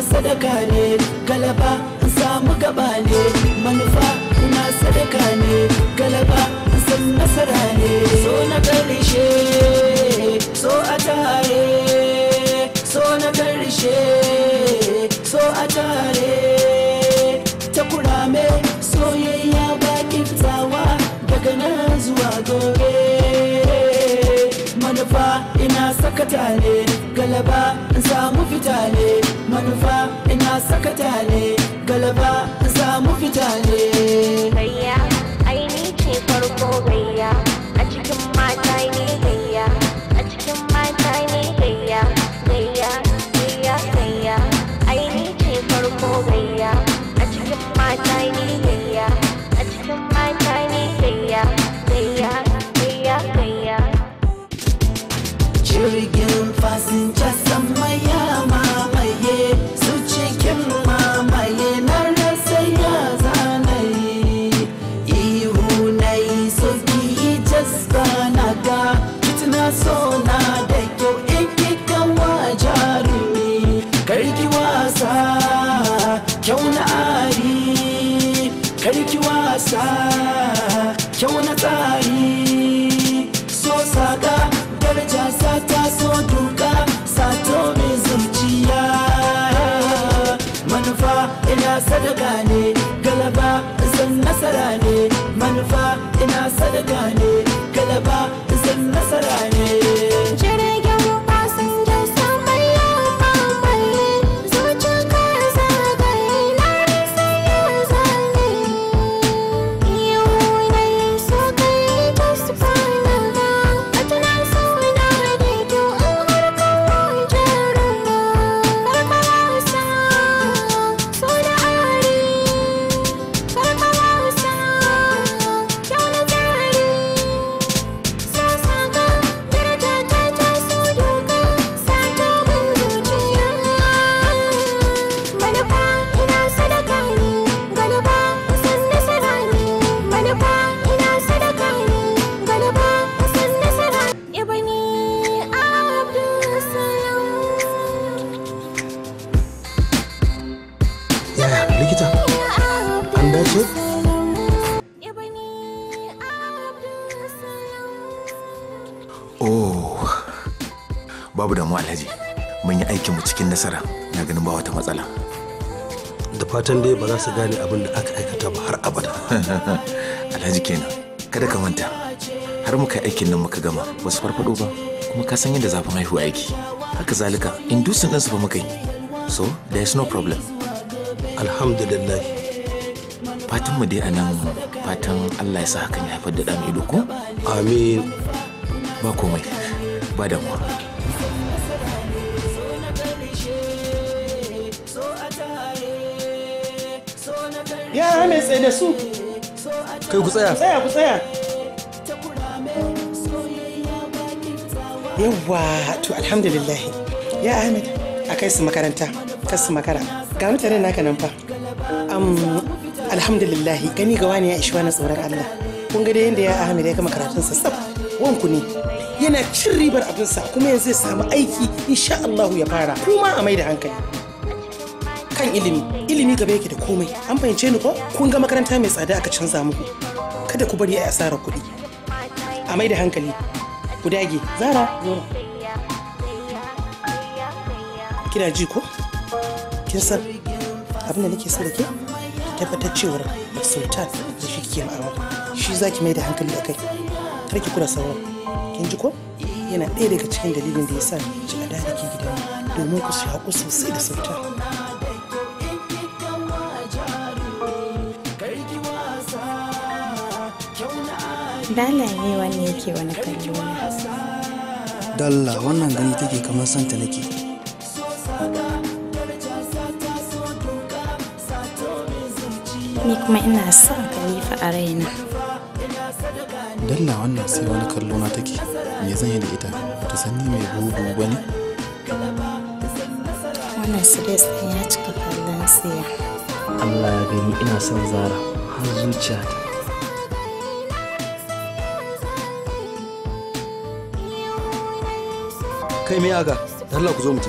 sadaka ne galaba in samu gaba ne manufa ina sadaka ne galaba in san nasara ne so na karshe so a tare so na karshe so a tare ta kurame soyayya ba kiftawa daga nan zuwa gobe manufa ina sakata ne galaba samu fita ne manufa ina sakata ne galaba samu fita ne bayya aini ce farko bayya kyau na tsari so saka daraja sata so duka sato mai zuciya manufa ina sadaka ne galaba zan nasara ne manufa ina sadaka ne su gane abin da aka aikata ba har abada alhaji kenan kada ka manta har muka aikin nan muka gama ba su farfado ba kuma ka san yadda zafin haihuwa aiki haka zalika indusin ɗinsu ba muka yi so there is no problem alhamdulillah fatan mu dai a nan fatan allah ya sa hakan ya haifar da ɗan ido ko amin ba komai ba damuwa ya mai tsaye da su kai ku tsaya tsaya ku tsaya yawwa to alhamdulillah ya ahmed a kai su makaranta kar su makara ga mutane naka nan fa alhamdulillah gani gawa ne ya ishi wani tsoron allah kun ga dai yadda ya ahmed ya gama karatunsa tsaf wanku ne yana cin ribar abinsa kuma yanzu zai samu aiki insha allahu ya fara kuma a mai da hankali kan ilimi ilimi gaba yake da komai an fahimce ni ko kun ga makaranta mai tsada aka canza muku kada ku bari a asarar kuɗi a mai da hankali ku dage zara kina ji ko kin san abin da nake so da ke tabbatar cewar sultan da shi kike ma'ana shi zaki mai da hankali akai kar ki kula sauran kin ji ko yana ɗaya daga cikin dalilin da ya sa ji a da ke gidan domin ku shaƙu sosai da sultan Dalaye ne wani yake wani kallo na. Dalla wannan gani take kamar santa nake. Ni kuma ina son kalifa a raina. Dalla wannan sai wani kallo na take. Me zan yi da ita? Ta san mai bugu ba ne? Wannan Sulis ɗin ya cika kallon siya. Allah ya gani ina son Zara har zuciya ta. kai mai aka da Allah ku zo mu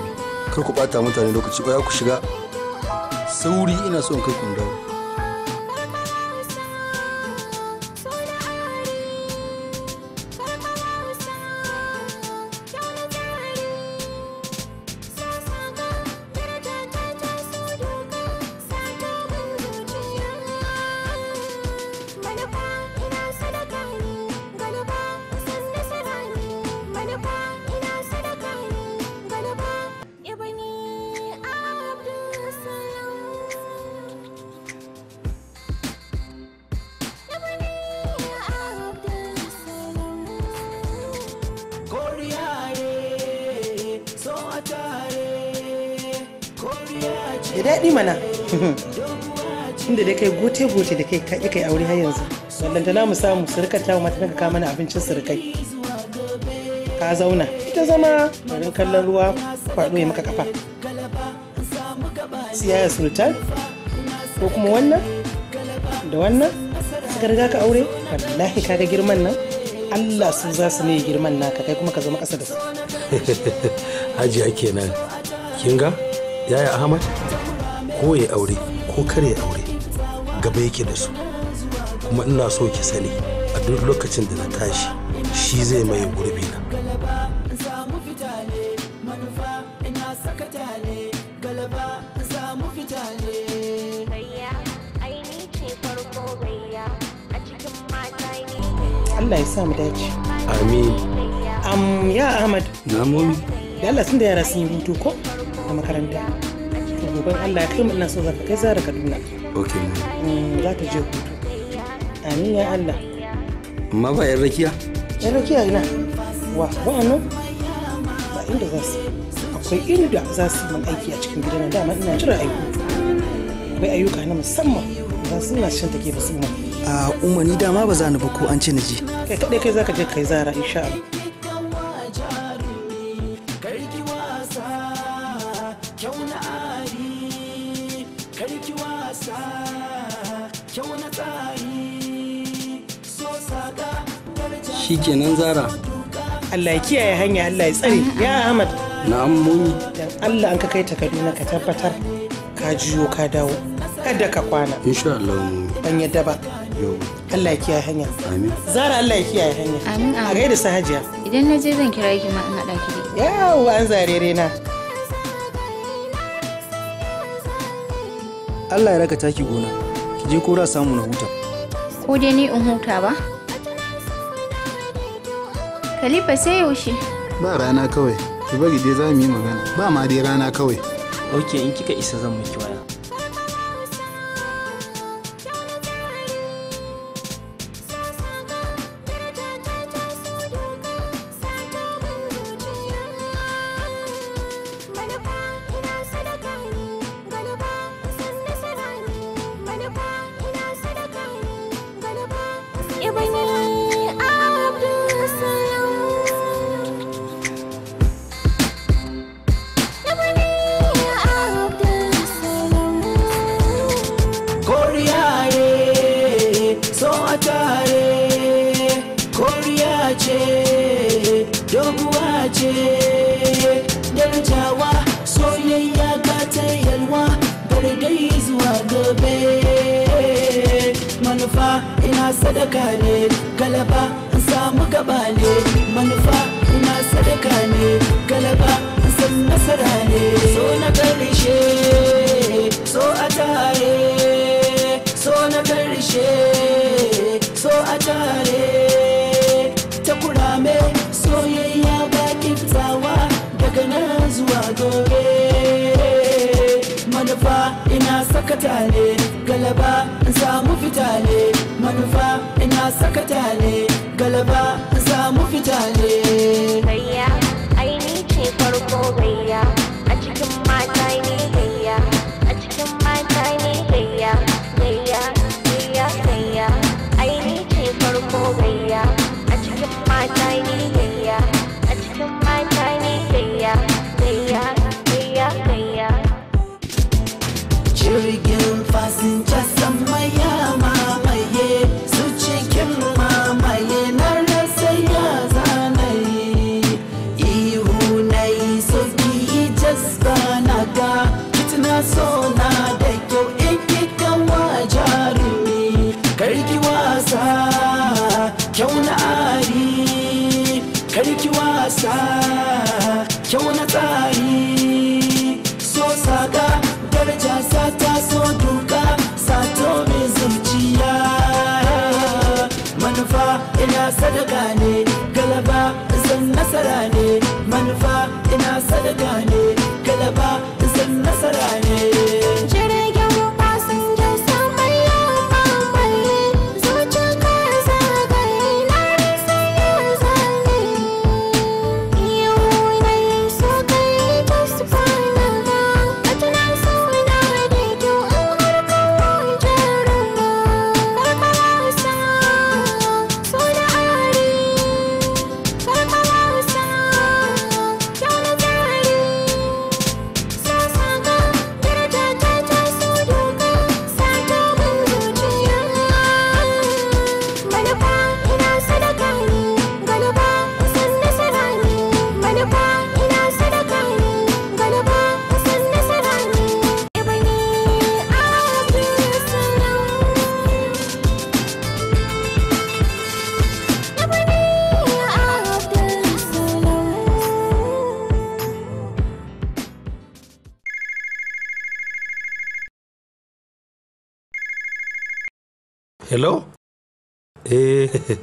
kar ku bata mutane lokaci ba ya ku shiga sauri ina so in kai kun dawo gote gote da kai ka kai aure har yanzu na mu samu surukar ta mata ka kama na abincin surukai ka zauna ita zama garin kallon ruwa kwaɗo ya maka kafa siyaya sultan ko kuma wannan da wannan suka riga ka aure wallahi ga girman nan Allah su za su ne girman naka kai kuma ka zama ƙasa da su hajiya kenan kin ga yaya ahmad ko ya aure ko kare aure gaba yake da su kuma ina so ki sani a duk lokacin da na tashi shi zai mai gurbi na Allah ya sa mu dace. Amin. Am ya Ahmad. Na momi. Da Allah sun da yara sun yi hutu ko a makaranta. gobe Allah ya kai mu ina so zaka kai zara Kaduna. ok mm, za ta je hutu amin ya allah amma ba yan rakiya yan rakiya ina wa wa'annan ba inda za su akwai inda za su yi aiki a cikin gidan dama ina jira aiki akwai ayyuka na musamman ba su na shan take ah, musamman a umarni dama ba za ni ba ko an ce na je kai kadai kai za ka je kai zara insha Allah shi kenan zara Allah ya kiyaye hanya Allah ya tsare ya Ahmad na ammuni dan Allah an ka kai ta Kaduna ka tabbatar ka jiyo ka dawo kada ka kwana insha Allah mumi ban yadda ba Allah ya kiyaye hanya amin zara Allah ya kiyaye hanya amin a gaida sahajiya idan na je zan kira ki ma in hada ki yawo an zarere na Allah ya raka taki gona ki je kora samu na huta ko dai ni in huta ba Khalifa sai yaushe? Ba rana kawai, ki bari dai za mu yi magana. Ba ma dai rana kawai. Ok, in kika isa zan miki sadaka ne galaba in samu gaba ne manufa ina sadaka ne galaba in san nasara ne so na karshe so a tare so na karshe so a tare ta kurame soyayya ba kiftawa daga nan zuwa gobe manufa ina sakata ne galaba in samu fita ne sakata ne galaba samu fita ne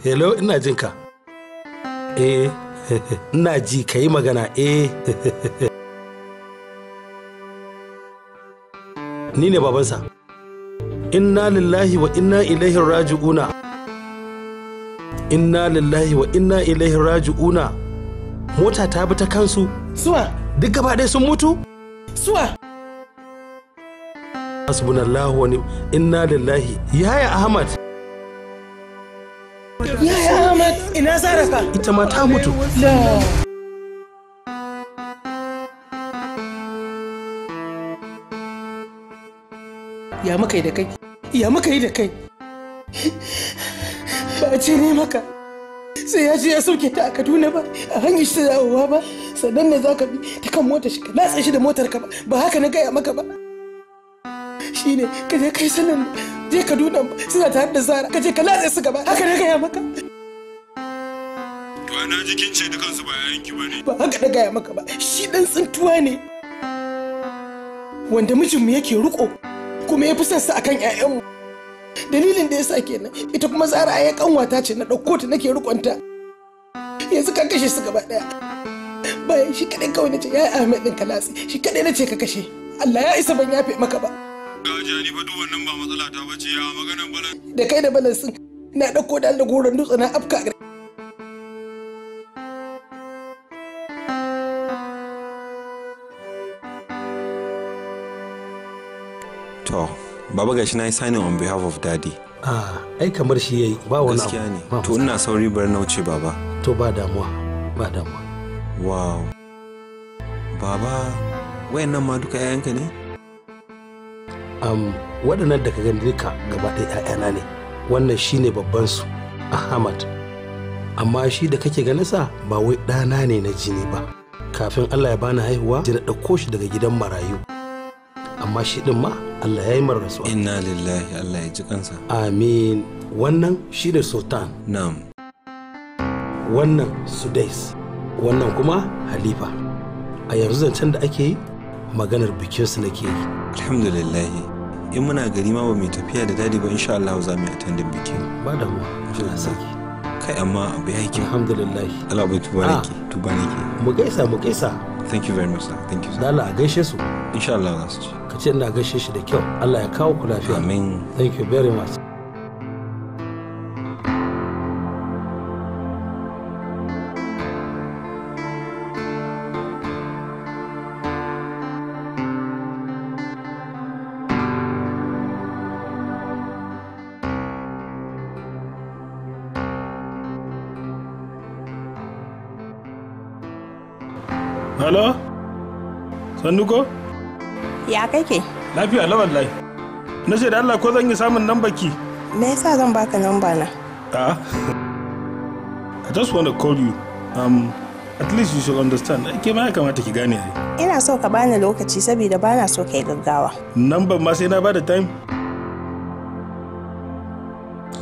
hello ina jin ka eh ina ji ka yi magana eh ni ne babansa inna lillahi wa inna ilaihi raji'una inna lillahi wa inna ilaihi raji'una mota ta bi ta kansu suwa duk gaba ɗaya sun mutu suwa hasbunallahu wa inna lillahi yaya ahmad Yaya Ahmad ina Zara ka? Ita ma ta mutu. Ya muka yi da kai? Ya muka yi da kai? Ba ce ne maka. Sai ya je ya sauke ta a Kaduna ba, a hanyar shi ta dawowa ba, sannan ne za ka bi ta kan motar shi, ka latsa shi da motar ka ba, ba haka na gaya maka ba. Shi ne, ka je kai sanin je ka duna suna tare da zara ka je ka latsa su gaba haka ne gaya maka to ana jikin ce su ba yayanki ba ne ba haka da gaya maka ba shi dan tsintuwa ne wanda mijinmu yake riko kuma ya fi son sa akan ƴaƴanmu dalilin da yasa kenan ita kuma zara kanwa ta ce na ɗauko ta nake rikonta yanzu ka kashe su gaba ɗaya bayan shi kaɗai kawai nace yayi ahmed din kalasi shi kaɗai na ce ka kashe allah ya isa ban yafe maka ba Gajiya ni duk wannan ba matsala ta bace ya maganan balan. Da kai da balan sun na ɗauko da Allah goron dutse na afka To, baba gashi na yi signing on behalf of daddy. Ah, ai kamar shi yayi ba wani abu. Gaskiya ne. To ina sauri bar na wuce baba. To ba damuwa, ba damuwa. Wow. Baba, wayannan ma duka 'ya'yanka ne? waɗannan da ka gani duka gaba ɗaya 'ya'yana ne wannan shine babban su ahmad amma shi da kake ganinsa ba wai ɗana ne na jini ba kafin allah ya bani haihuwa ji na ɗauko shi daga gidan marayu amma shi ɗin ma allah ya yi mara rasuwa inna lillahi allah ya ji kansa amin wannan shi ne sultan na'am wannan sudais wannan kuma halifa a yanzu zancen da ake yi maganar bikinsu nake yi alhamdulillah in muna gari ma ba mai tafiya da dadi ba insha Allah za mu yi attendin bikin ba da mu Allah saki kai amma abu ya yake alhamdulillah Allah bai tuba nake ah. tuba nake mu gaisa mu gaisa thank you very much sir thank you sir Allah a gaishe su insha Allah za su ci ka ce ina gaishe shi da kyau Allah ya kawo ku lafiya amin thank you very much Dan Nuko? Ya kai ke? Lafiya la wallahi. Na ce da Allah ko zan yi samun nan baki? Me yasa zan baka lamba na? Ah. I just want to call you. Um, at least you should understand. Ke ma ya kamata ki gane Ina so ka bani lokaci saboda bana so kai gaggawa. lambar ma sai na bada time.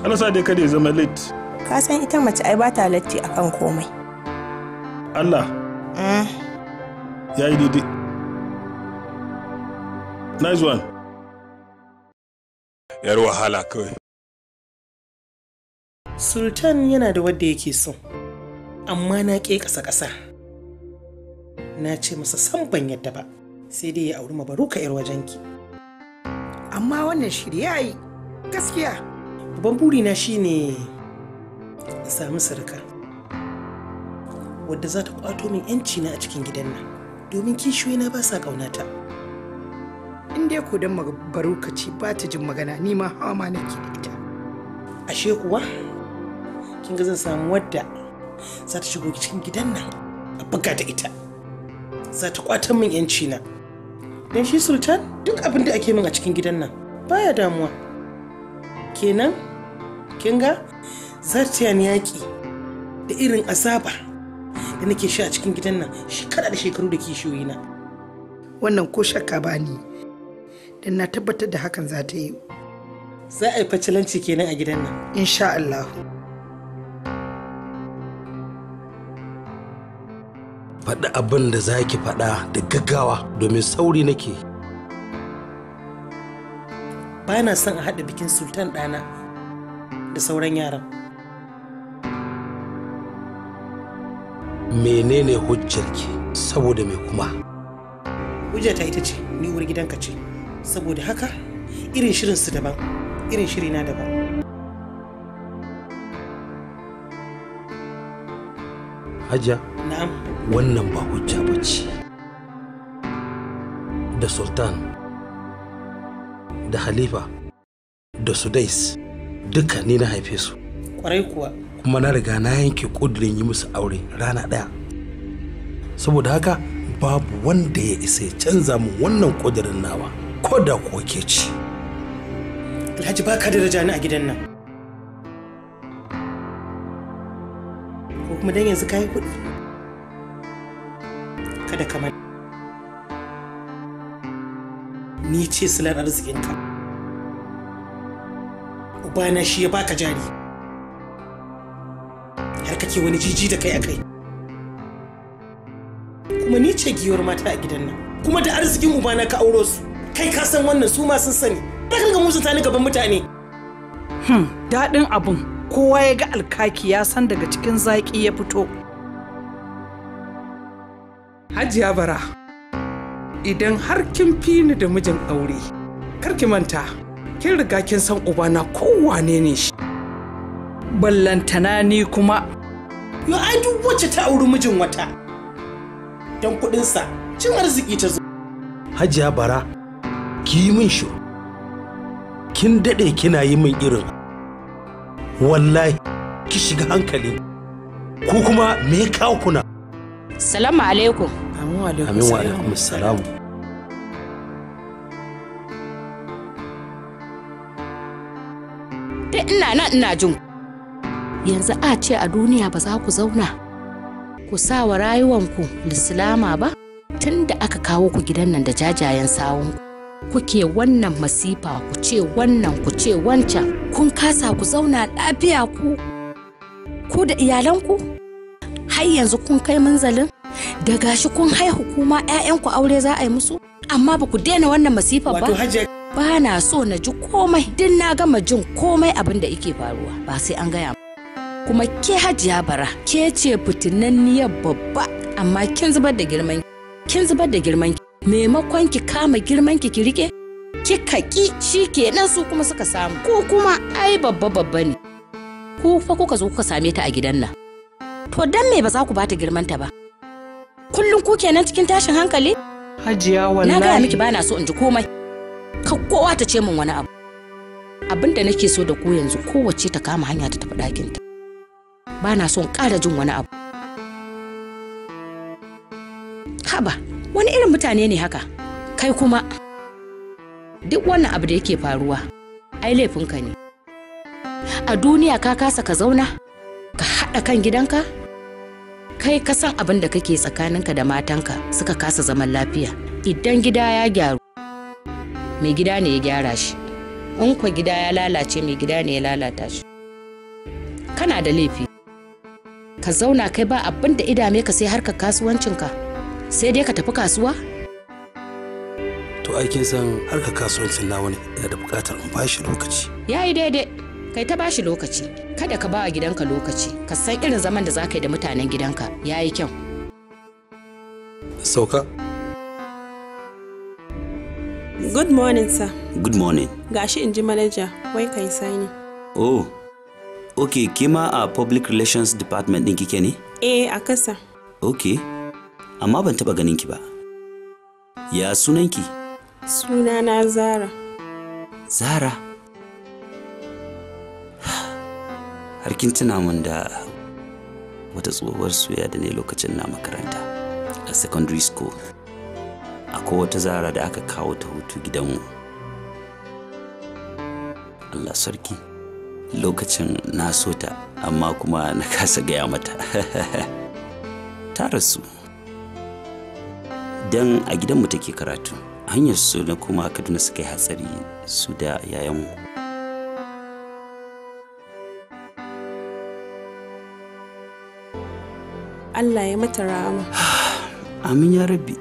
Allah sa dai kada ya zama late. Ka san ita mace ai ba ta latti akan komai. Allah. Mm. Ya yi daidai. Nice one. Yar wahala kawai. Sultan yana da wadda yake so, amma na ke ƙasa-ƙasa. Na ce masa san ban yadda ba, sai dai ya auri mabaruka 'yar wajenki. Amma wannan shirya yi, gaskiya. Babban burina shine in samu sarka. Wadda za ta kwato min 'yanci na a cikin gidan nan, domin kishiyoyi na ba sa ƙaunata. in dai ku dan barukaci ba ta jin magana ni ma hawa ma nake da ita ashe kuwa kin ga zan samu wadda za ta shigo cikin gidan nan a buga da ita za ta kwatan min yanci na dan shi sultan duk abin da ake min a cikin gidan nan baya damuwa kenan kin ga za ta yani yaƙi da irin azaba da nake sha a cikin gidan nan shekara da shekaru da kishiyoyi na wannan ko shakka ba ni in na tabbatar da hakan za ta yi za a yi facilanci kenan a gidan nan insha Allah faɗi abin da za ki faɗa da gaggawa domin sauri nake ba na son a haɗa bikin sultan ɗana da sauran yaran menene hujjarki saboda me kuma hujjata ita ce ni uwar gidanka ce saboda haka irin shirinsu daban irin shirina daban Hajiya? Na'am. Wannan ba hujja ba ce. Da Sultan, da Halifa, da Sudais, duka ni na haife su. Kwarai kuwa. Kuma na riga na yanke ƙudurin yi musu aure rana ɗaya. Saboda haka babu wanda ya isa ya canza mu wannan ƙudurin nawa. ko da koke ci. alhaji ba ka da ni a gidan nan ko kuma dan yanzu kayi kuɗi kada ka mana. ni ce silar arzikinka ubana shi ya baka jari har kake wani jiji da kai a kai kuma ni ce giyar mata a gidan nan kuma da arzikin ubana ka auro su kai ka san wannan su ma sun sani da kan ga musu tani gaban mutane hmm dadin abun kowa ya ga alkaki ya san daga cikin zaki ya fito hajiya bara idan har kin fi ni da mijin aure kar ki manta kin riga kin san ubana kowane ne shi ballantana ni kuma yo ai duk wacce ta auri mijin wata don kuɗinsa cin arziki ta zo hajiya bara ki yi min shiru kin daɗe kina yi min irin wallahi ki shiga hankali ku kuma me ya kawo kuna salamu alaikum amin wa alaikum salamu duk ina nan ina jin yanzu a ce a duniya ba za ku zauna ku sa wa rayuwanku da silama ba tun da aka kawo ku gidan nan da jajayen sawunku kuke wannan masifa ku ce wannan ku ce wancan kun kasa ku zauna lafiya ku ku da iyalanku har yanzu kun kai manzalin da gashi kun haihu kuma 'ya'yanku aure za a yi musu amma ba ku daina wannan masifa ba ba na so na ji komai din na gama jin komai abin da yake faruwa ba sai an gaya kuma ke hajiya bara ke ce niyyar babba amma kin zubar da girman kin zubar da girman maimakon ki kama girman ki ki rike kika ki nan su kuma suka samu ko kuma ai babba babba ne ku fa kuka zo kuka same ta a gidan nan to dan me ba za ku bata girman ta ba kullum ku kenan cikin tashin hankali hajiya wallahi na ga miki bana so in ji komai ka kowa ta ce min wani abu abin nake so da ku yanzu kowace ta kama hanya ta tafi ta ba na son ƙara jin wani abu haba wani irin mutane ne haka kai kuma duk wannan abu da yake faruwa ai laifinka ne a duniya ka kasa ka zauna ka haɗa kan gidanka kai ka san abin da kake tsakaninka da matanka suka kasa zaman lafiya idan gida ya gyaru mai gida ne ya gyara shi in kwa gida ya lalace mai gida ne ya lalata shi kana da laifi ka zauna kai ba abin da idame ka sai harkar kasuwancinka sai dai ka tafi kasuwa? To aikin san harka kasuwancin na wani yana da buƙatar in bashi lokaci. Ya yi daidai, kai ta bashi lokaci, kada ka ba gidanka lokaci, ka san irin zaman da za ka yi da mutanen gidanka, ya yi kyau. Sauka. Good morning, sir. Good morning. Gashi in ji manaja, wai ka yi sani. Oh, ok, kima a Public Relations Department ɗin kike ne? Eh, a kasa. Okay. amma ban taɓa ganin ki ba. Ya sunanki? Sunana Zara. Zara? Har kin tuna min da wata tsohuwar soya da ne lokacin na makaranta a secondary school. Akwai wata Zara da aka kawo ta hutu gidanmu. Allah sarki. Lokacin na so ta amma kuma na kasa gaya mata. ta rasu. don a gidanmu take karatu hanyar su na kuma kaduna suka yi hatsari su da yayanmu Allah ya mata rama amin ya rabbi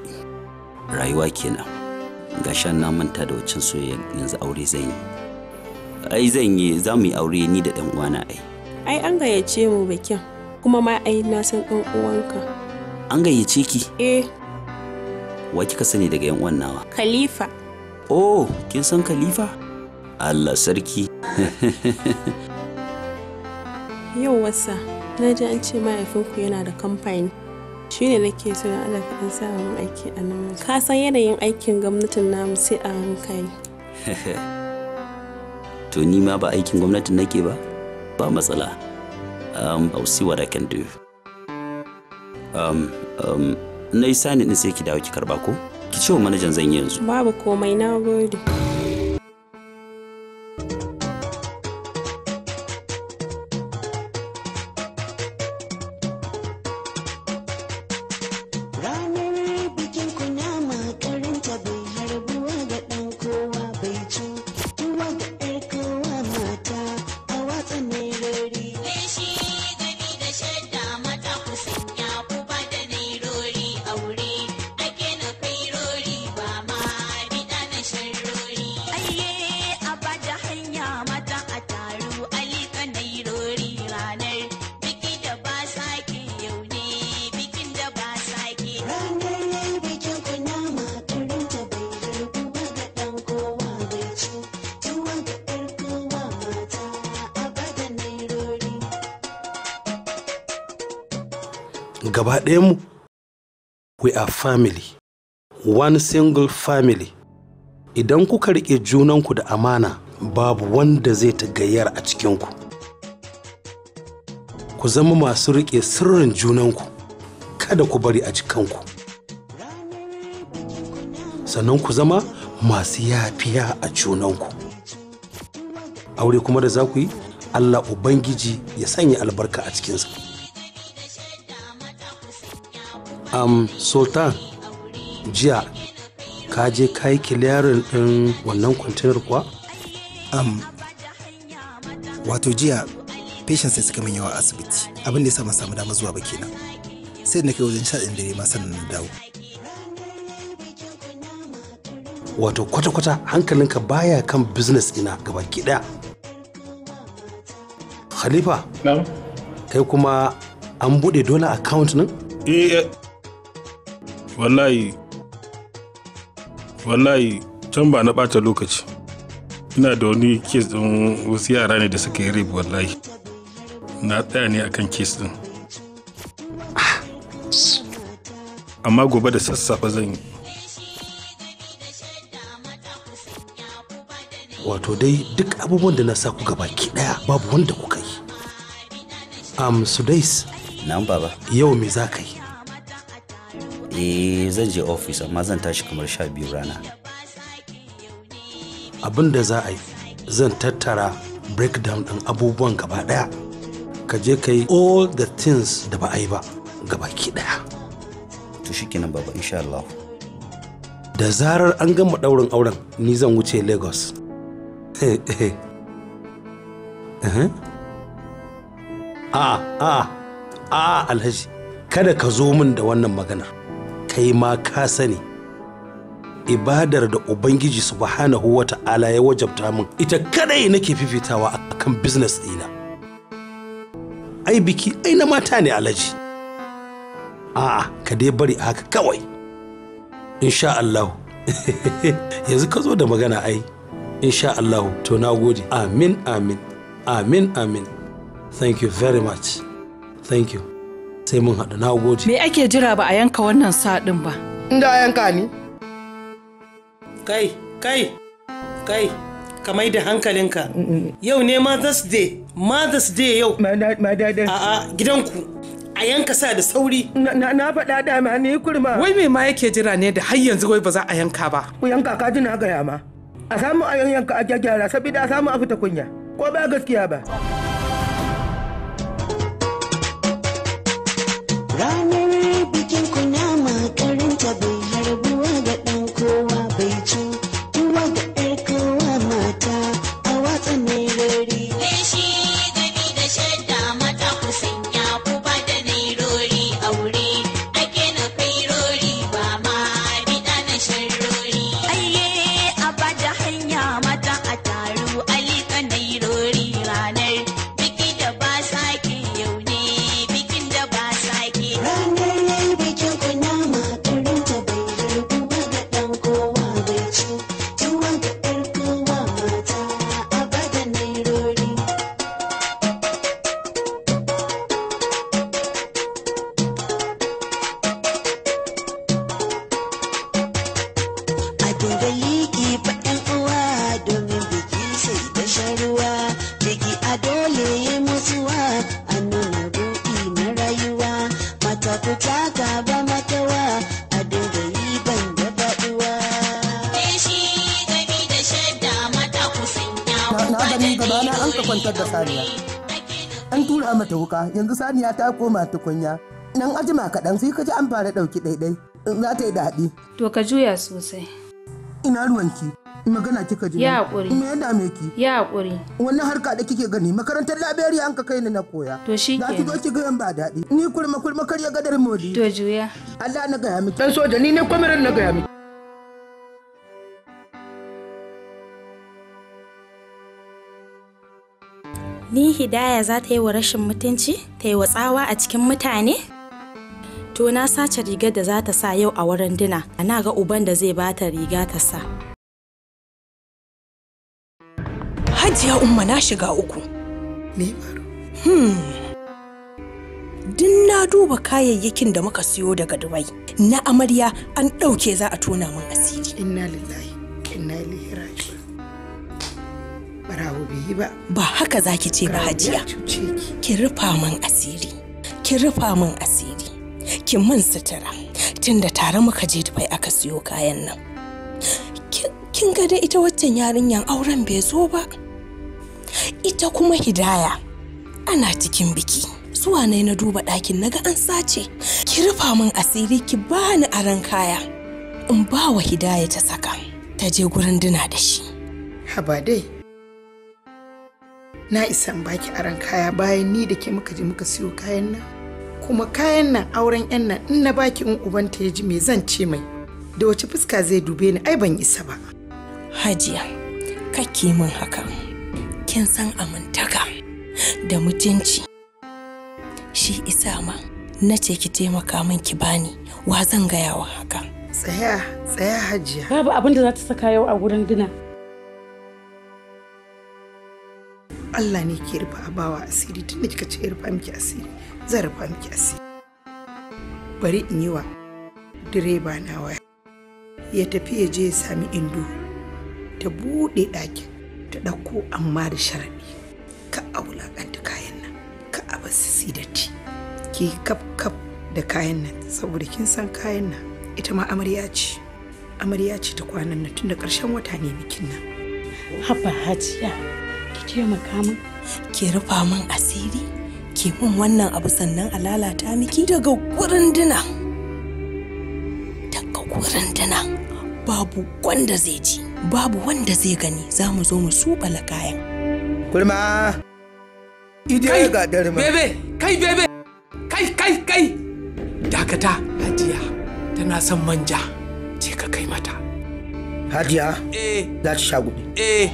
rayuwa kenan gashan na manta da waccan soyayya yanzu aure zan yi ai zan yi za mu yi aure ni da ɗan uwana ai ai an gayyace mu bakin, kuma ma ai na san ɗan uwanka an gayyace ki eh wa kika sani daga yan wannawa khalifa oh kin san khalifa allah sarki yau wasa na ji an ce mahaifinku yana da kamfani shi ne nake so na Allah kaɗan sa mun aiki a nan ka san yanayin aikin gwamnatin namu sai a hankali to ni ma ba aikin gwamnatin nake ba ba matsala um, I'll see what I can do um, um, na yi sani din sai ki dawo ki karba ko ki ce wa manajan zan yi yanzu babu komai na gode ɗayanmu we are family one single family idan kuka riƙe junanku da amana babu wanda zai ta gayyar a cikinku ku zama masu riƙe sirrin junanku kada ku bari a cikanku sannan ku zama masu yafiya a junanku aure kuma da za ku yi allah ubangiji ya sanya albarka a cikinsa am sultan jiya ka je ka yi kiliyarin ɗin wannan kwantenar kuwa? am wato jiya patient sai suka min yawa asibiti abin da ya samu samu dama zuwa baki kenan sai na kai wajen sha ɗin dare ma sannan dawo wato kwata-kwata hankalinka baya kan business ina gaba ɗaya khalifa kai kuma an buɗe dole account nan? wallahi wallahi can ba na ɓata lokaci ina da wani kes ɗin wasu yara ne da suka yi rape wallahi na tsaya ne akan kes ɗin amma gobe da sassafe zan yi wato dai duk abubuwan da na sa ku gaba ki daya babu wanda kuka yi am sudais nan baba yau me za ka yi eh zan je ofis amma zan tashi kamar sha biyu rana abin da za a yi zan tattara breakdown ɗin abubuwan gaba ɗaya ka je ka yi all the things da ba a yi ba gaba ki ɗaya to kenan baba insha Allah da zarar an gama ɗaurin auren ni zan wuce lagos a a a alhaji kada ka zo min da wannan maganar kai ma ka sani ibadar da ubangiji subhanahu wa ta'ala ya wajabta min ita kadai nake fifitawa akan business dina ai biki ai na mata ne alaji a'a ka dai bari haka kawai insha Allah yanzu ka zo da magana ai insha Allah to na gode amin amin amin amin thank you very much thank you sai mun haɗu na gode. Me ake jira ba a yanka wannan saɗin ba? Inda yanka ni. Kai, kai, kai, ka mai da hankalinka. Yau ne Mother's Day, Mother's Day yau. A'a gidanku. A yanka sa da sauri. Na faɗa dama ni kurma. Wai me ma yake jira ne da har yanzu wai ba za a yanka ba. Ku yanka ka ji na gaya ma. A samu a yanka a gyaggyara saboda a samu a fita kunya. Ko ba gaskiya ba. da saniya an tura mata wuka yanzu saniya ta koma tukunya nan ajima kaɗan sai ka ji an fara ɗauki ɗaiɗai za ta yi daɗi to ka juya sosai ina ruwanki magana kika ji ya hakuri me ya dame ki ya hakuri wannan harka da kike gani makarantar laberiya an ka kai ni na koya to shi za ki zo ki ga ba daɗi ni kurma kurma karya gadar modi to juya Allah na gaya miki dan soja ni ne kwamirin na gaya miki ni hidaya za ta yi wa rashin mutunci ta yi wa tsawa a cikin mutane to na sace rigar da za ta sa yau a wurin dina ana ga uban da zai bata riga ta sa hajiya umma na shiga uku hmm. Din na duba kayayyakin da muka siyo daga Dubai na amarya an ɗauke za a tona min asiri. Inna lillahi, inna ilaihi raji'un. barawo ba ba haka zaki ce ba hajiya ki rufa min asiri ki rufa min asiri ki min sutura tunda tare muka je dubai aka siyo kayan nan kin ga dai ita waccan yarinyar auren bai zo ba ita kuma hidaya ana cikin biki zuwa ne na duba ɗakin naga an sace ki rufa min asiri ki bani aran kaya in ba wa hidaya ta saka ta je gurin dina da shi haba dai na isa in baki aron kaya bayan ni da ke muka je muka siyo kayan nan kuma kayan nan auren yan nan in na baki in ta ya ji me zan ce mai da wace fuska zai dube ni ai ban isa ba hajiya kake min haka kin san amintaka da mutunci shi isa ma na ce ki taimaka min ki bani wa zan gaya wa haka tsaya tsaya hajiya babu abin da za ta saka yau a gurin dina Allah ne ke rufa a asiri tun da kika ce ya rufa miki asiri zan rufa miki asiri bari in yi wa direba na waya ya tafi ya je ya sami indo ta buɗe ɗakin ta ɗauko amma da sharaɗi ka a wulaƙanta kayan nan ka a basu su datti ki kaf kaf da kayan nan saboda kin san kayan nan ita ma amarya ce amarya ce ta kwanan nan tun da ƙarshen wata ne bikin nan haba hajiya taimaka min ki rufa min asiri ki min wannan abu sannan a lalata miki daga gurin dina daga gurin dina babu wanda zai ji babu wanda zai gani za mu zo mu subala kayan kulma idai ga darma bebe kai bebe kai kai kai dakata hajiya tana son manja je ka kai mata hajiya eh za ta sha gudu eh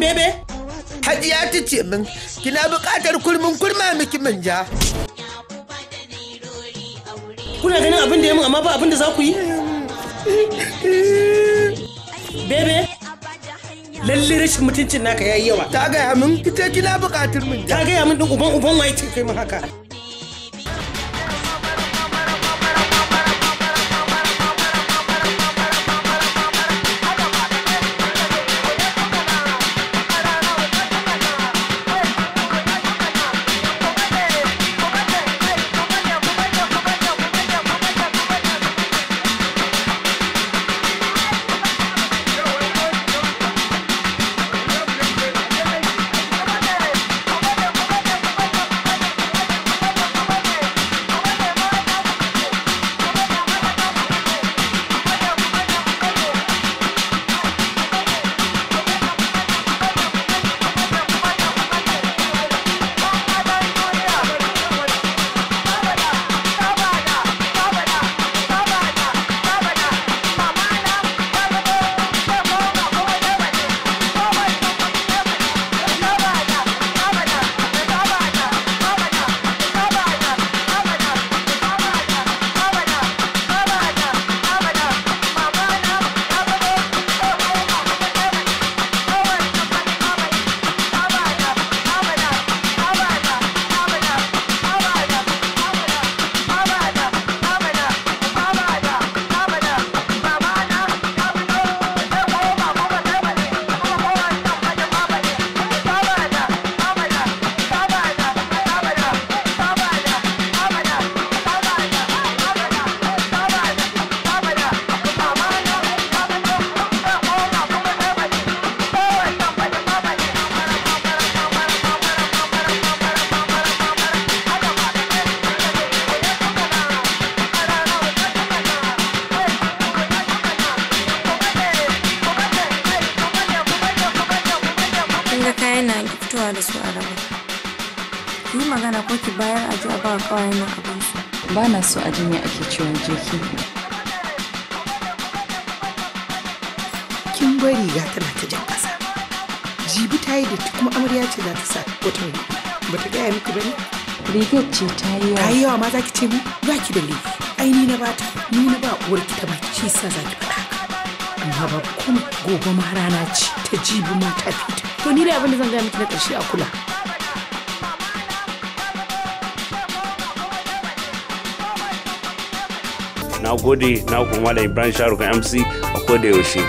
bebe? Hajiya ta ce min, kina buƙatar kurmin kurma miki manja. Kuna ganin abin da ya mun amma ba abin da za ku yi? Bebe? Lalle rashin mutuncin naka yi yawa. Ta gaya min, kita kina buƙatar manja. Ta gaya min ɗin uban uban waye ce kai mun haka. bushewar jiki kin bari riga tana ta jan ƙasa jibi ta yi datti kuma amarya ce za ta sa wata wani. ba ta gaya miki ba ne rigar ce ta yi yawa ta yi yawa ma za ki ce mu ba ki da laifi ai ni na ba ta ni na ba uwar ki ta ba ki sa za ki faɗa amma ba kuma gobe ma rana ce ta jibi mata ta fita to ni da abin da zan gaya miki na ƙarshe a kula na gode na kuma da ibrahim sharukan mc a koda yaushe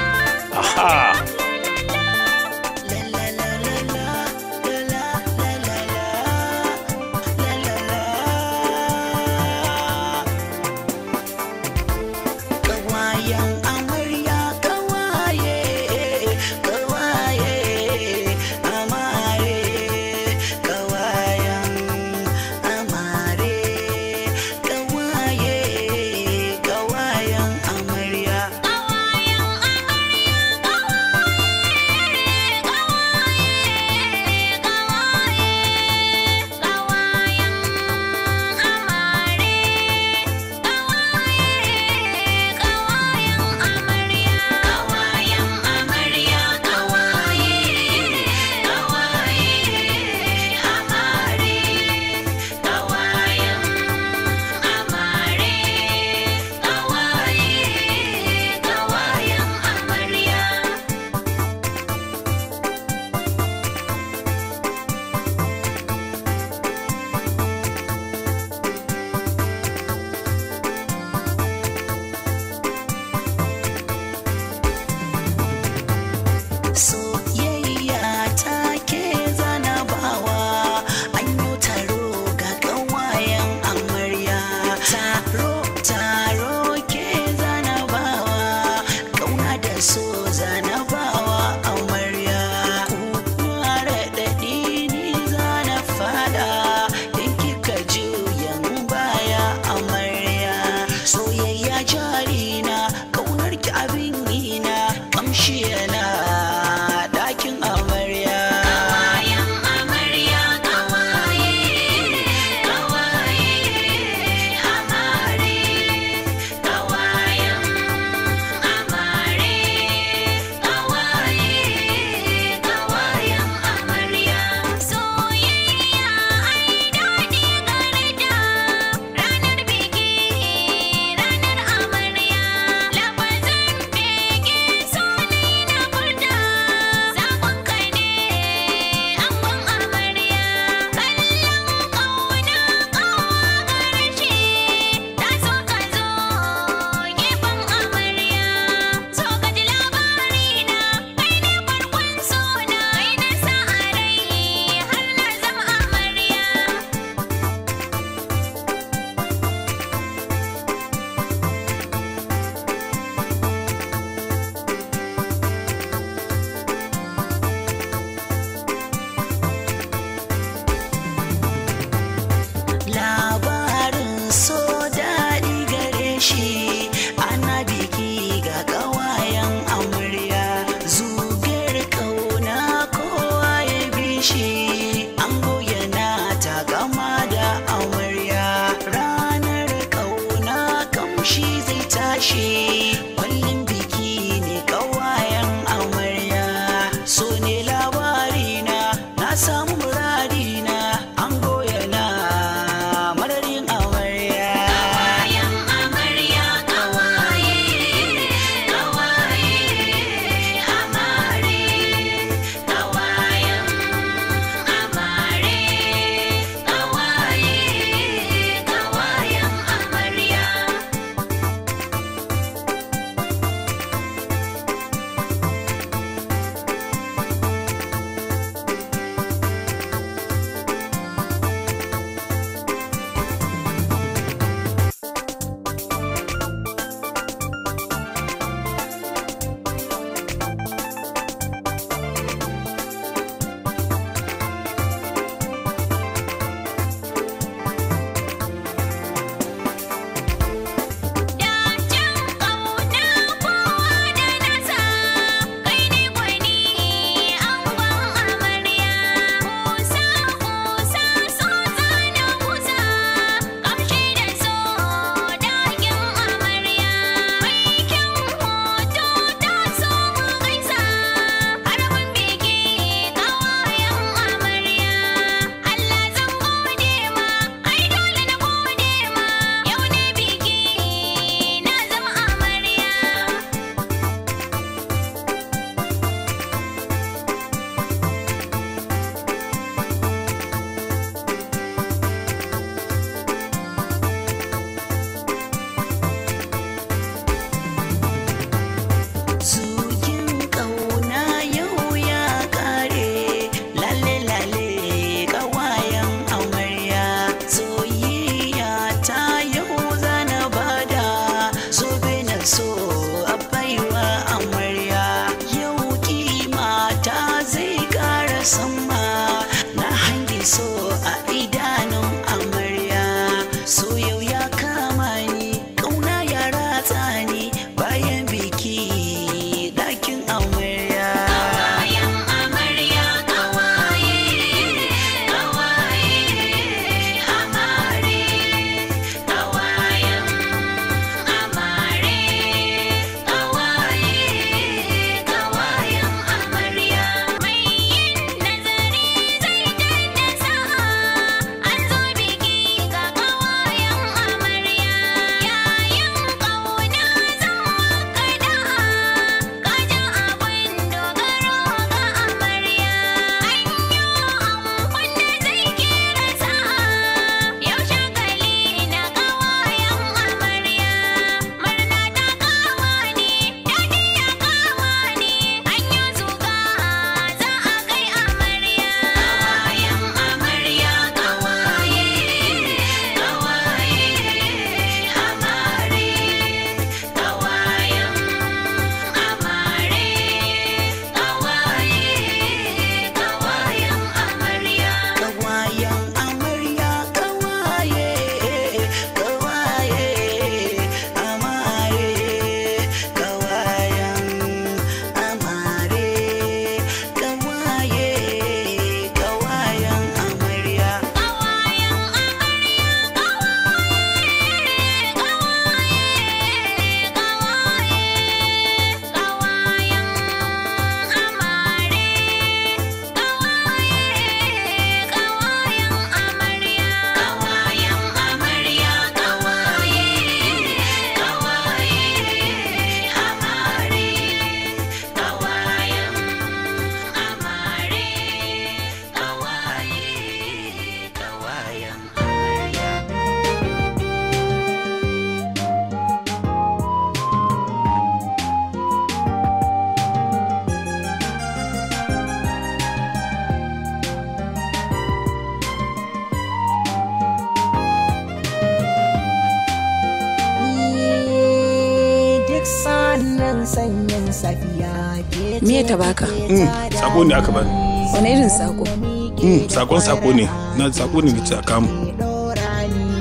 sako hmm, sakon sako ne na sako ne ce a kamu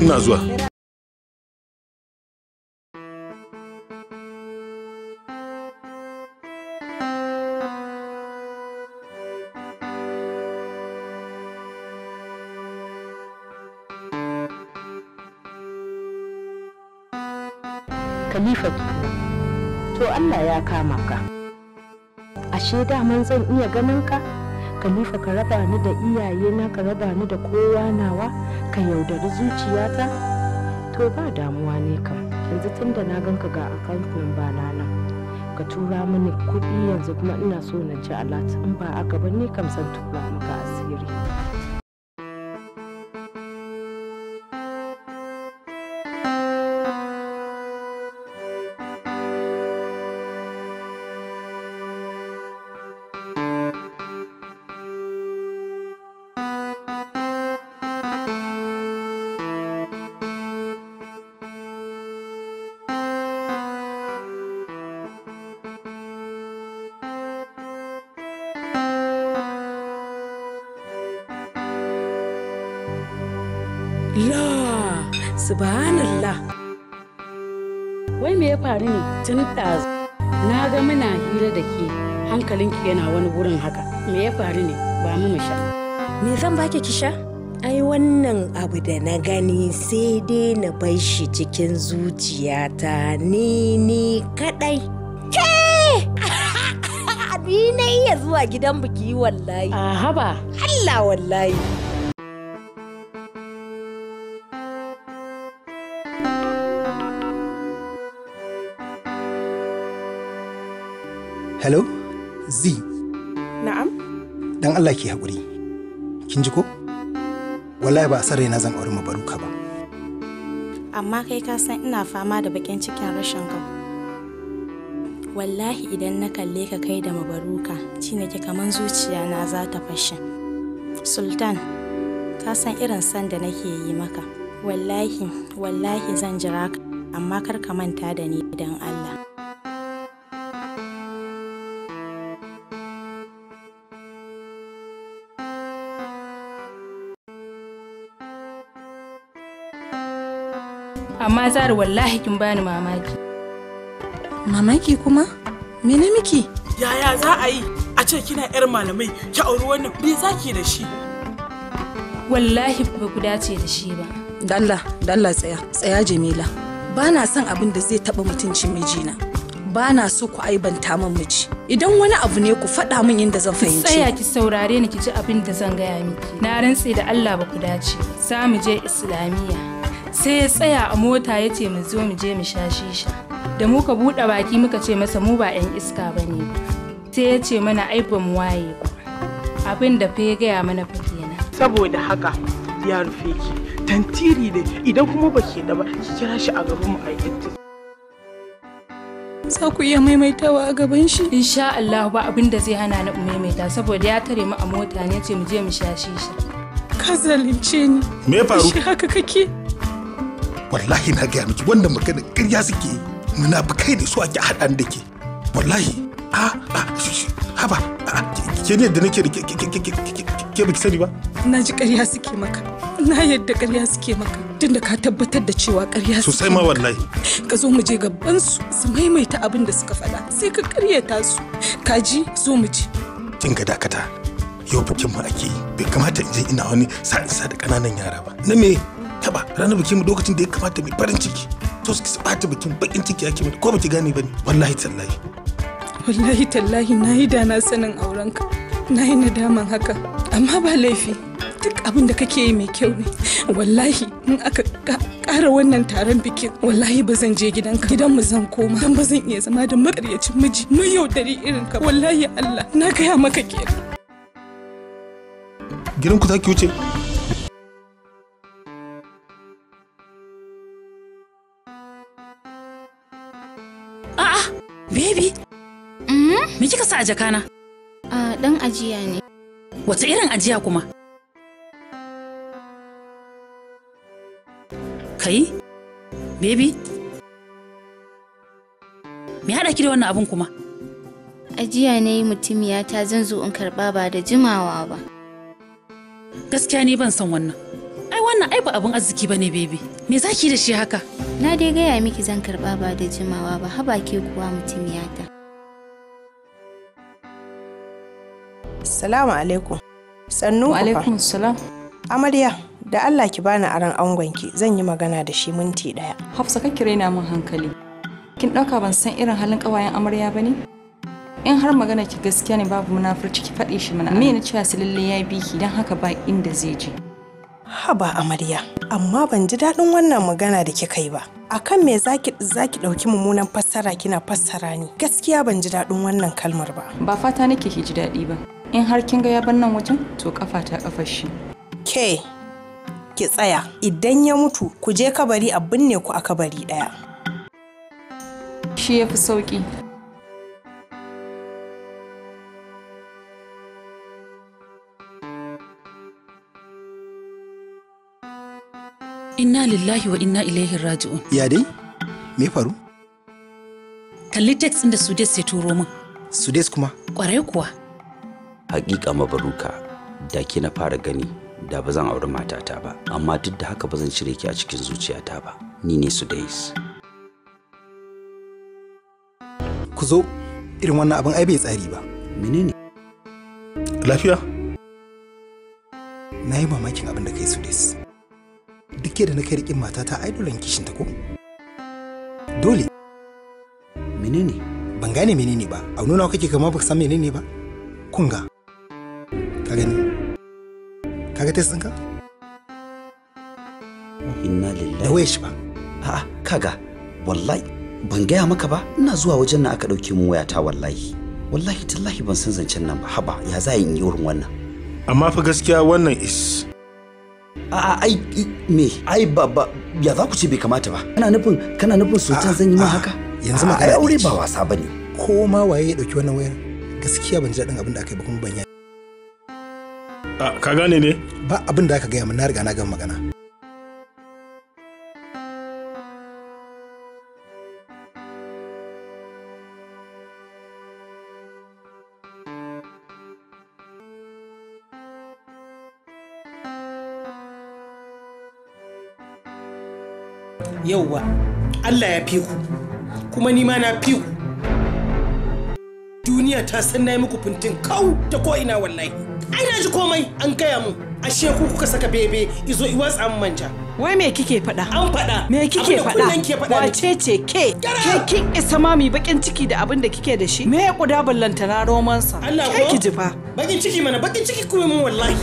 ina zuwa Khalifa to Allah ya kama ka ashe daman zan iya ganin ka kalifa ka raba ni da iyaye na ka raba ni da kowa nawa ka yaudari zuciyata to ba damuwa ne kam yanzu tun da na gan ka ga account number na nan ka tura mini kuɗi yanzu kuma ina so na ci alat in ba a gaban ni kam san tura maka asiri tun ɗazu na ga muna hira da ke hankalinki yana wani wurin haka me ya faru ne ba mu sha me zan baki ki sha ai wannan abu da na gani sai dai na bar shi cikin zuciyata ni ni kadai ke abi na iya zuwa gidan biki wallahi a haba Allah wallahi Hello? Z. Na'am? Dan Allah ki haƙuri. Kin ji ko? Wallahi ba a san raina zan auri mabaruka ba. Amma kai ka san ina fama da bakin cikin rashin ka. Wallahi idan na kalle ka kai da mabaruka, ci nake kaman zuciya na za ta fashe. Sultan, ka san irin san da nake yi maka. Wallahi, wallahi zan jira ka, amma kar ka manta da ni idan Allah. amma zara wallahi kin bani mamaki mamaki kuma mene miki yaya za a yi a ce kina yar malamai ki auri wannan me zaki da shi wallahi ba ku dace da shi ba dalla dalla tsaya tsaya jamila ba na son abin da zai taɓa mutuncin mijina ba na so ku aibanta min miji idan wani abu ne ku faɗa min inda zan fahimci tsaya ki saurare ni ki ji abin da zan gaya miki na rantse da Allah ba ku dace za mu je islamiyya sai ya tsaya a mota ya ce mu zo mu je mu sha shisha da muka buɗe baki muka ce masa mu ba 'yan iska ba ne sai ya ce mana ai ba mu waye ba abin da fa ya gaya mana fa kenan saboda haka ya rufe ki tantiri ne idan kuma ba ke da ba ki kira shi a gaban mu a za ku iya maimaitawa a gaban shi insha Allah ba abin da zai hana ni maimaita saboda ya tare mu a mota ne ce mu je mu sha shisha ka zalunce ni me faru shi haka kake wallahi na gaya miki wannan magana ƙarya suke kai da su ake haɗan da ke wallahi a a haba ke ne da nake ke baki sani ba na ji ƙarya suke maka na yadda ƙarya suke maka tun da ka tabbatar da cewa ƙarya suke sosai ma wallahi ka zo mu je gaban su su maimaita abin da suka faɗa sai ka ƙaryata su ka ji zo mu ji kin ga dakata yau bikin mu ake yi bai kamata in je ina wani sa'in da ƙananan yara ba na me taba ranar bikin mu lokacin da ya kamata mai farin ciki to su bata bikin bakin ciki yake mata ko baki gane bane wallahi tallahi wallahi tallahi na yi da na sanin aurenka na yi nadaman haka amma ba laifi duk abin da kake yi mai kyau ne wallahi in aka kara wannan taron bikin wallahi ba zan je gidanka gidan mu zan koma dan ba zan iya zama da makaryacin miji mun yaudari irin ka wallahi Allah na gaya maka kenan gidanku zaki wuce Me kika sa a jakana? A dan ajiya ne. Wace irin ajiya kuma? Kai? Baby? Me haɗa ki da wannan abun kuma? Ajiya ne ya ta zan zo in karɓa ba da jimawa ba. Gaskiya ne ban san wannan. Ai wannan ai ba abun arziki ba ne baby. Me za ki da shi haka? Na dai gaya miki zan karɓa ba da jimawa ba haba ke kuwa ta. Assalamu alaikum. Sannu alaikum salam. Amarya, da Allah ki bani aron angonki zan yi magana da shi minti ɗaya. Hafsa kake raina min hankali. Kin ɗauka ban san irin halin ƙawayen amarya ba ne? in har magana ki gaskiya ne babu munafurci ki faɗi shi mana me na cewa lalle ya bi ki don haka ba inda zai je haba amarya amma ban ji daɗin wannan magana da kika yi ba akan me zaki zaki ɗauki mummunan fassara kina fassara ni gaskiya ban ji daɗin wannan kalmar ba ba fata nake ki ji daɗi ba in har kin ga ya bar nan wajen to kafa ta kafa shi ke ki tsaya idan ya mutu ku je kabari a binne ku a kabari daya shi yafi sauki Inna lillahi wa inna ilaihi raji'un. Ya dai? Me faru? Kalli text ɗin da Sudes ya turo min. Sudes kuma? Ƙwarai kuwa. haƙiƙa mabaruka da ke na fara gani da ba zan auri matata ba amma duk da haka ba zan cire ki a cikin zuciyata ba ni ne su dais ku zo irin wannan abin ai bai tsari ba menene lafiya na yi mamakin abin da kai su dais duk da na kai rikin matata ai dole kishin ta ko dole menene ban gane menene ba a nuna kake kama baka san menene ba kunga ga test ɗinka? Inna lillahi. Da waye shi ba. A'a kaga wallahi ban gaya maka ba ina zuwa wajen nan aka ɗauke min wayata wallahi. Wallahi tallahi ban san zancen nan ba haba ya za a yi wurin wannan. Amma fa gaskiya wannan is. A'a ai me ai ba ba ya za ku ce bai kamata ba. Kana nufin kana nufin sultan zan yi min haka? Yanzu ma aure ba wasa bane. Ko ma waye ya ɗauki wannan wayar? Gaskiya ban ji daɗin abin da aka yi ba kuma ban yi. ka gane ne ba abin da aka gaya min na riga na gama magana yauwa Allah ya fi ku kuma nima na fi ku duniya ta san na yi muku fintin kau ta ko ina wallahi ai na ji komai an gaya mu ashe ku kuka saka bebe izo iwas an manja wai me kike faɗa an faɗa me kike faɗa wace ce ke ke kin isa mi bakin ciki da abin da kike da shi me kuda ballanta na romansa Ke ki ji fa bakin ciki mana bakin ciki kuma mun wallahi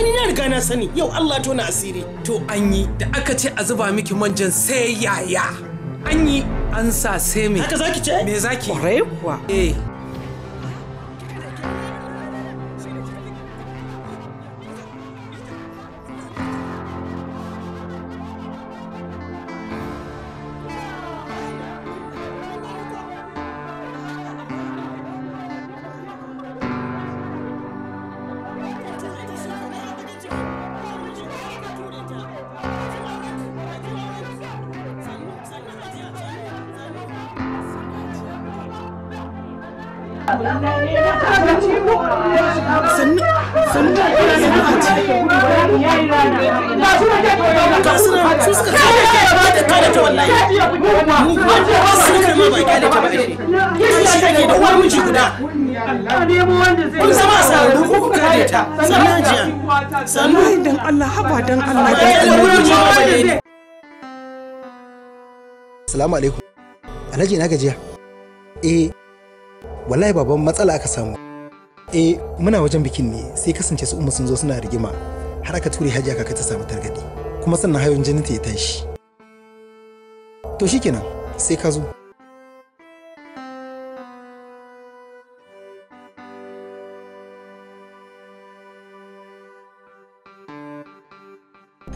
yi na riga na sani yau Allah to na asiri to an yi da aka ce a zuba miki manjan sai yaya an yi an sa sai me haka zaki ce me zaki kwarai kuwa eh Assalamu alaikum. Alhaji na gajiya. Eh, wallahi baban matsala aka samu. Eh, muna wajen bikin ne sai kasance su umma sun zo suna rigima har aka ture hajiya ka ta samu targadi kuma sannan hayon jinin ta ya tashi. To shikenan sai ka zo.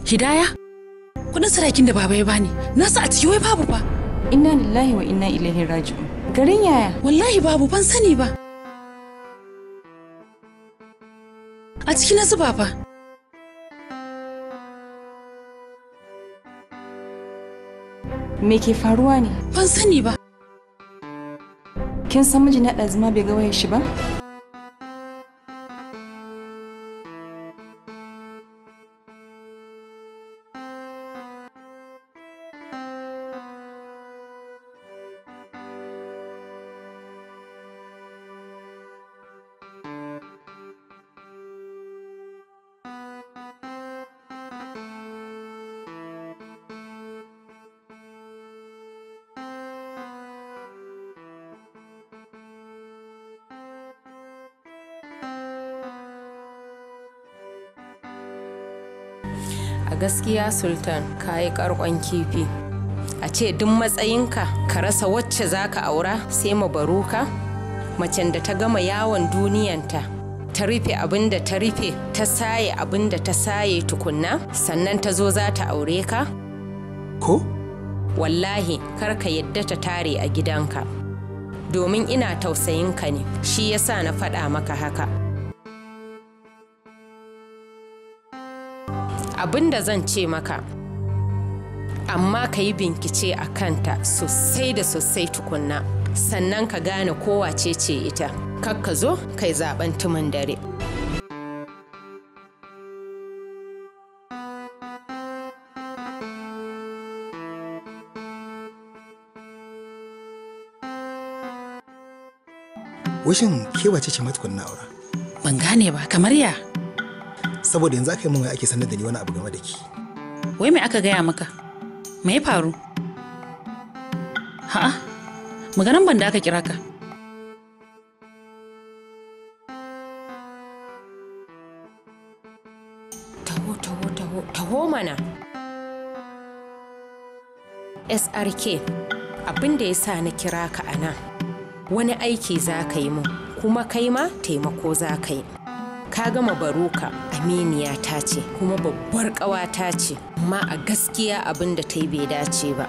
Hidaya? Kudin sadakin da baba ya bani, nasa a ciki wai babu ba. inna lillahi wa inna ilaihi raji'un garin yaya wallahi babu ban sani ba a cikin nasu baba. me ke faruwa ne ban sani ba kin san miji na ɗazuma bai ga wayar shi ba gaskiya sultan ka yi karkon kifi a ce duk matsayinka ka rasa wacce za ka aura sai mabaruka macen da ta gama yawon duniyanta ta rufe abin da ta rufe ta saye abin da ta saye tukunna sannan ta zo za ta aure ka ko wallahi kar ka yadda ta tare a gidanka domin ina tausayinka ne shi yasa na faɗa maka haka abin da zan ce maka amma ka yi bincike a kanta sosai da sosai tukunna sannan ka gane kowace ce ita ka zo kai zaben tumin dare Wishin kewace ce matukunna aura? Ban gane ba, kamar ya? saboda yanzu aka yi min ake sanar da ni wani abu game da ki wai me aka gaya maka me ya faru ha'a maganan ban da aka kira ka taho taho taho taho mana srk abin da ya sa na kira ka a nan wani aiki za ka yi mu kuma kai ma taimako za ka yi ka gama baroka aminiya ta ce kuma babbar ƙawata ce amma a gaskiya abin da ta yi bai dace ba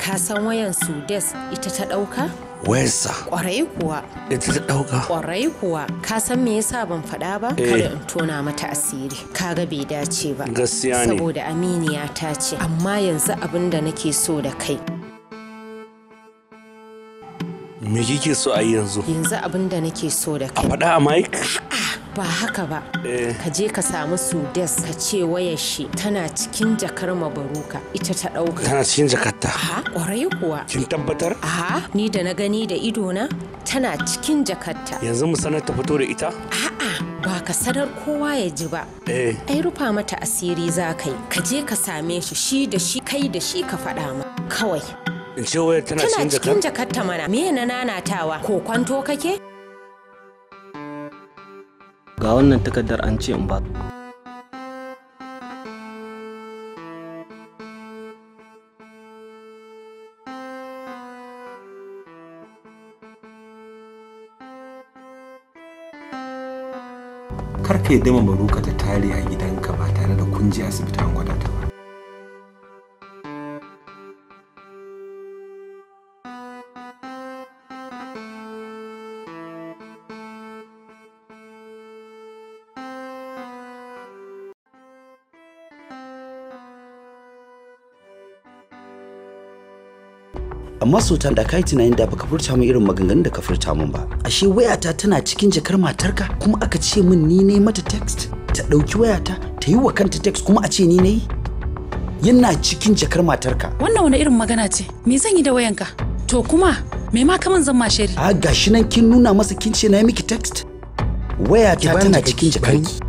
ka san wayan sudes ita ta ɗauka Wayansa. kwarai kuwa ita ta dauka kwarai kuwa ka san me yasa ban faɗa ba eh. kada in tona mata asiri kaga bai dace ba gaskiya ne saboda aminiya ta ce amma yanzu abin da nake so da kai me kike so a yanzu yanzu abin da nake so da kai a faɗa a mike ba haka ba eh. ka je ka samu su des. ka ce wayar shi tana cikin jakar mabaruka ita ta ɗauka tana cikin jakarta ha ƙwarai kuwa kin tabbatar ha ni da na gani da idona tana cikin jakarta yanzu mu sanar ta fito da ita a'a ba ka sanar kowa ya ji ba. Eh. Ai rufa mata asiri za ka yi, ka je ka same shi shi da shi kai da shi ka faɗa ma kawai. In ce waya tana cikin Tana cikin jakarta mana, me na nanatawa, ko kwanto kake? ga wannan takardar an ce in ba kar ka dama maruka ta tare a gidanka ba tare da kunji asibiti an gwada ta amma sultan da kai tunanin da baka furta mun irin maganganun da ka furta mun ba ashe wayata tana cikin jakar matarka kuma aka ce min ni ne mata text ta ɗauki wayata ta yi wa kanta text kuma a ce ni ne yana cikin jakar matarka wannan wani irin magana ce me zan yi da wayanka to kuma me ma kaman zan ma shari a gashi nan kin nuna masa kin ce na yi miki text wayata tana cikin jakarki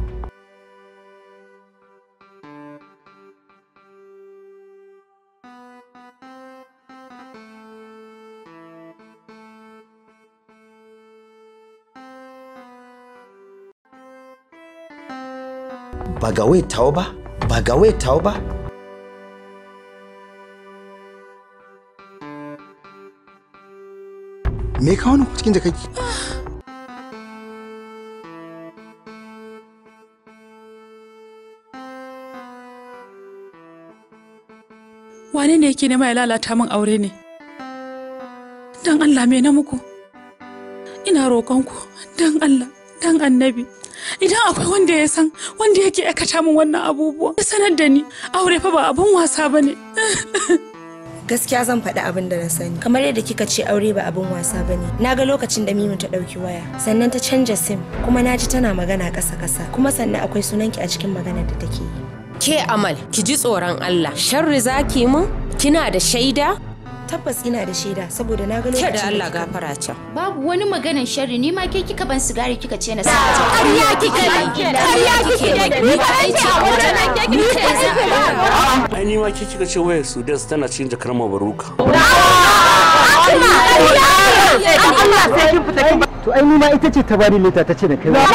ba ga wai ba ba ga wai ba me ka wani cikin jakaki wane ne yake nema ya lalata min aure ne don allah me na muku ina roƙonku don allah don annabi idan akwai wanda ya san wanda yake aikata min wannan abubuwa ya sanar da ni aure fa ba abun wasa ba ne gaskiya zan faɗi abin da na sani kamar yadda kika ce aure ba abin wasa ba ne na ga lokacin da mimi ta ɗauki waya sannan ta canja sim kuma na ji tana magana ƙasa-ƙasa kuma sannan akwai sunanki a cikin magana da take yi ke amal ki ji tsoron allah sharri zaki mun kina da shaida tabbas ina da shaida saboda na ga lokacin da Allah gafara can babu wani maganan sharri ni ma ke kika ban sigari kika ce na sa ƙarya kike ƙarya kike ni ba ai ce a nan ke kike ce ai ni ma ke kika ce su Sudas tana cin jakar mabaruka to ai ni ma ita ce ta bari ta ce da kai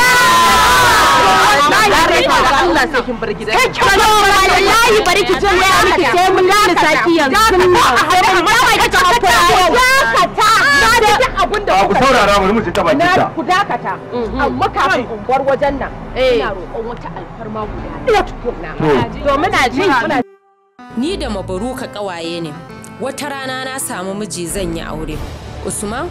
Allah sakin kin Kai wallahi bari ki jin miki sai mun lalla saki yanzu. ka ta ka ta ka ta. da duk abin da ku saurara mu ta ta. Ku mhm. Amma kafin wajen nan eh. ina roƙon wata alfarma guda. To muna ji muna Ni da mabaruka ƙawaye ne. Wata rana na samu miji zan yi aure. Usman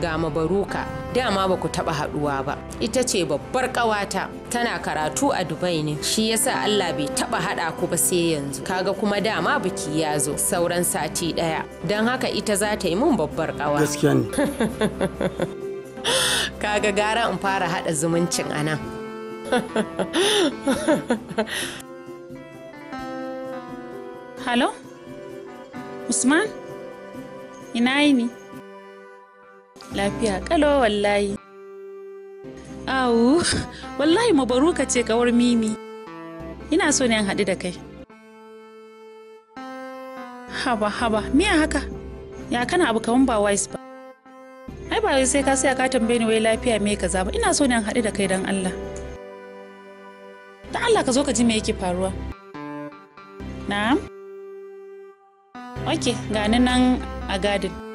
ga mabaruka dama ba ku taɓa haɗuwa ba ita ce babbar ƙawata tana karatu a dubai ne shi yasa allah bai taɓa haɗa ku ba sai yanzu kaga kuma dama biki ya zo sauran sati ɗaya don haka ita za ta yi mun babbar ƙawa kaga gara in fara haɗa zumuncin a nan halo usman ina yi ni lafiya kalo wallahi awu wallahi mabaruka ce kawar mimi ina so ne an haɗu da kai haba haba miya haka ya kana abu kaman ba wise ba ai ba sai ka sai ka tambaye ni wai lafiya me ka ba ina so ne an haɗu da kai dan Allah dan Allah ka zo ka ji me yake faruwa na'am okay ga nan a gadin